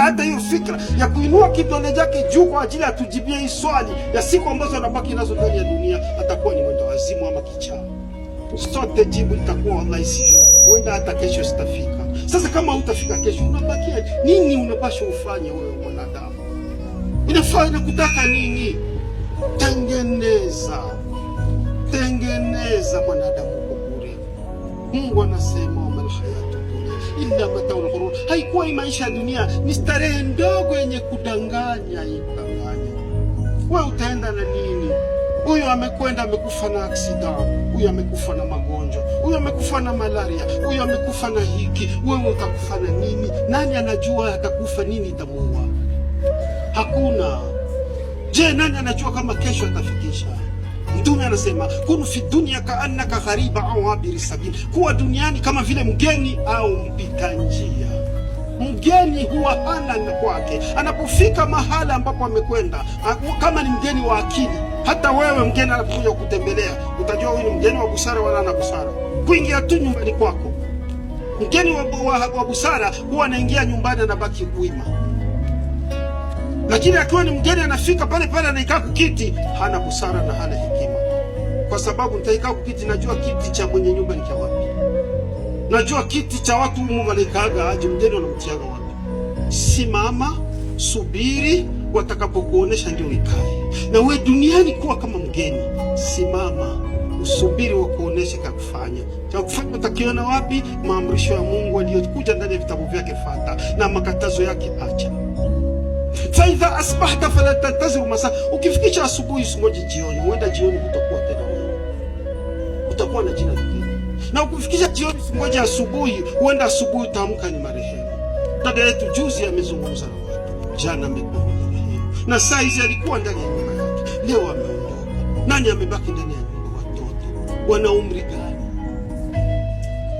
hata hiyo fikra ya kuinua kidole chake juu kwa ajili ya tujibie hii swali ya siku ambazo anabaki nazo ndani ya dunia, atakuwa ni mwenda wazimu ama kichaa. Sote jibu litakuwa wallahi, sijui, huenda hata kesho sitafika. Sasa kama hutafika kesho, unabakia nini? Unapaswa ufanye wewe mwanadamu, inafaa na kutaka nini? Tengeneza, tengeneza mwanadamu kwa bure. Mungu anasema wamalhaya illa mataul ghurur, haikuwa maisha ya dunia, ni starehe ndogo yenye kudanganya. Ikudanganya we utaenda na nini? Huyu amekwenda amekufa na aksida, huyu amekufa na magonjwa, huyu amekufa na malaria, huyu amekufa na hiki, wewe utakufa na nini? Nani anajua atakufa nini itamuua? Hakuna. Je, nani anajua kama kesho atafikisha Mtume anasema kunu fi dunya annaka ghariba au abiri sabil, kuwa duniani kama vile mgeni au mpita njia. Mgeni huwa hana na kwake, anapofika mahala ambapo amekwenda, kama ni mgeni wa akili. Hata wewe mgeni anapokuja kutembelea utajua huyu ni mgeni wa busara wala ana busara. Kuingia tu nyumbani kwako, mgeni wa busara huwa anaingia nyumbani, anabaki kuima lakini akiwa ni mgeni anafika pale pale anaikaa kukiti, hana busara na hana hekima, kwa sababu nitaikaa kukiti, najua kiti cha mwenye nyumba ni cha wapi, najua kiti cha watu humu wanaikaaga aje, mgeni wanamtiaga wapi. Simama, subiri watakapokuonesha ndio ikae. Na we duniani kuwa kama mgeni, simama usubiri wakuoneshe cha kufanya. Cha kufanya utakiona wapi? Maamrisho ya Mungu aliyokuja ndani ya vitabu vyake, fata na makatazo yake acha faidha asbahta fala tantaziru masaa, ukifikisha asubuhi usingoje jioni, huenda jioni utakuwa tena wewe, utakuwa na jina lingine. Na ukifikisha jioni usingoje asubuhi, huenda asubuhi utaamka ni marehemu. Dada yetu juzi amezungumza na watu, jana amekuwa marehemu, na saa hizi alikuwa ndani ya nyumba yake, leo ameondoka. Nani amebaki ndani ya nyumba? Watoto wana umri gani?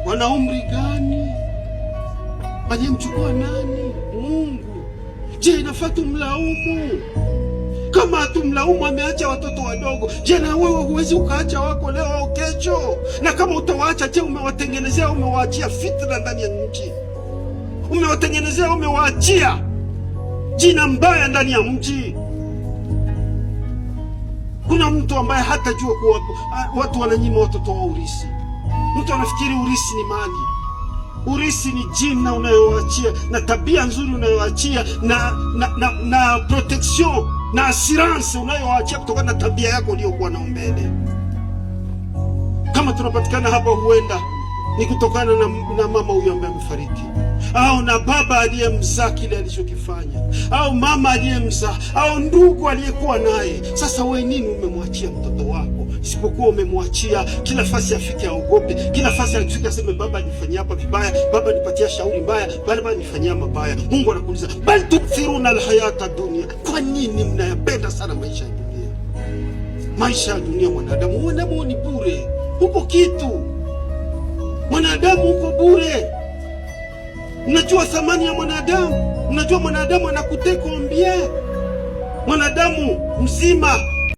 Wana umri gani? Aliyemchukua nani? Je, nafaa tumlaumu? Kama hatumlaumu ameacha watoto wadogo, je, na wewe huwezi ukaacha wako leo au kesho? Na kama utawaacha, je, umewatengenezea umewaachia fitna ndani ya mji? Umewatengenezea umewaachia jina mbaya ndani ya mji. Kuna mtu ambaye jua kuwa watu wananyima watoto wa urisi. Mtu anafikiri urisi ni mali. Urisi ni jina unayoachia na tabia nzuri unayoachia na, na, na, na protection na assurance unayoachia kutokana na tabia yako uliyokuwa na mbele. Kama tunapatikana hapa, huenda ni kutokana na, na mama huyo ambaye amefariki au na baba aliyemzaa kile alichokifanya, au mama aliyemzaa, au ndugu aliyekuwa naye. Sasa wewe nini umemwachia mtoto wako? isipokuwa umemwachia kila nafasi afike, aogope kila nafasi akifika, aseme baba nifanyia hapa vibaya, baba nipatia shauri mbaya, baba nifanyia mabaya. Mungu anakuuliza bal tukthiruna alhayata dunia, kwa nini mnayapenda sana maisha ya dunia? Maisha ya dunia mwanadamu, mwanadamu ni bure, huko kitu mwanadamu uko bure. Mnajua thamani ya mwanadamu? Mnajua mwanadamu anakutekombia mwanadamu mzima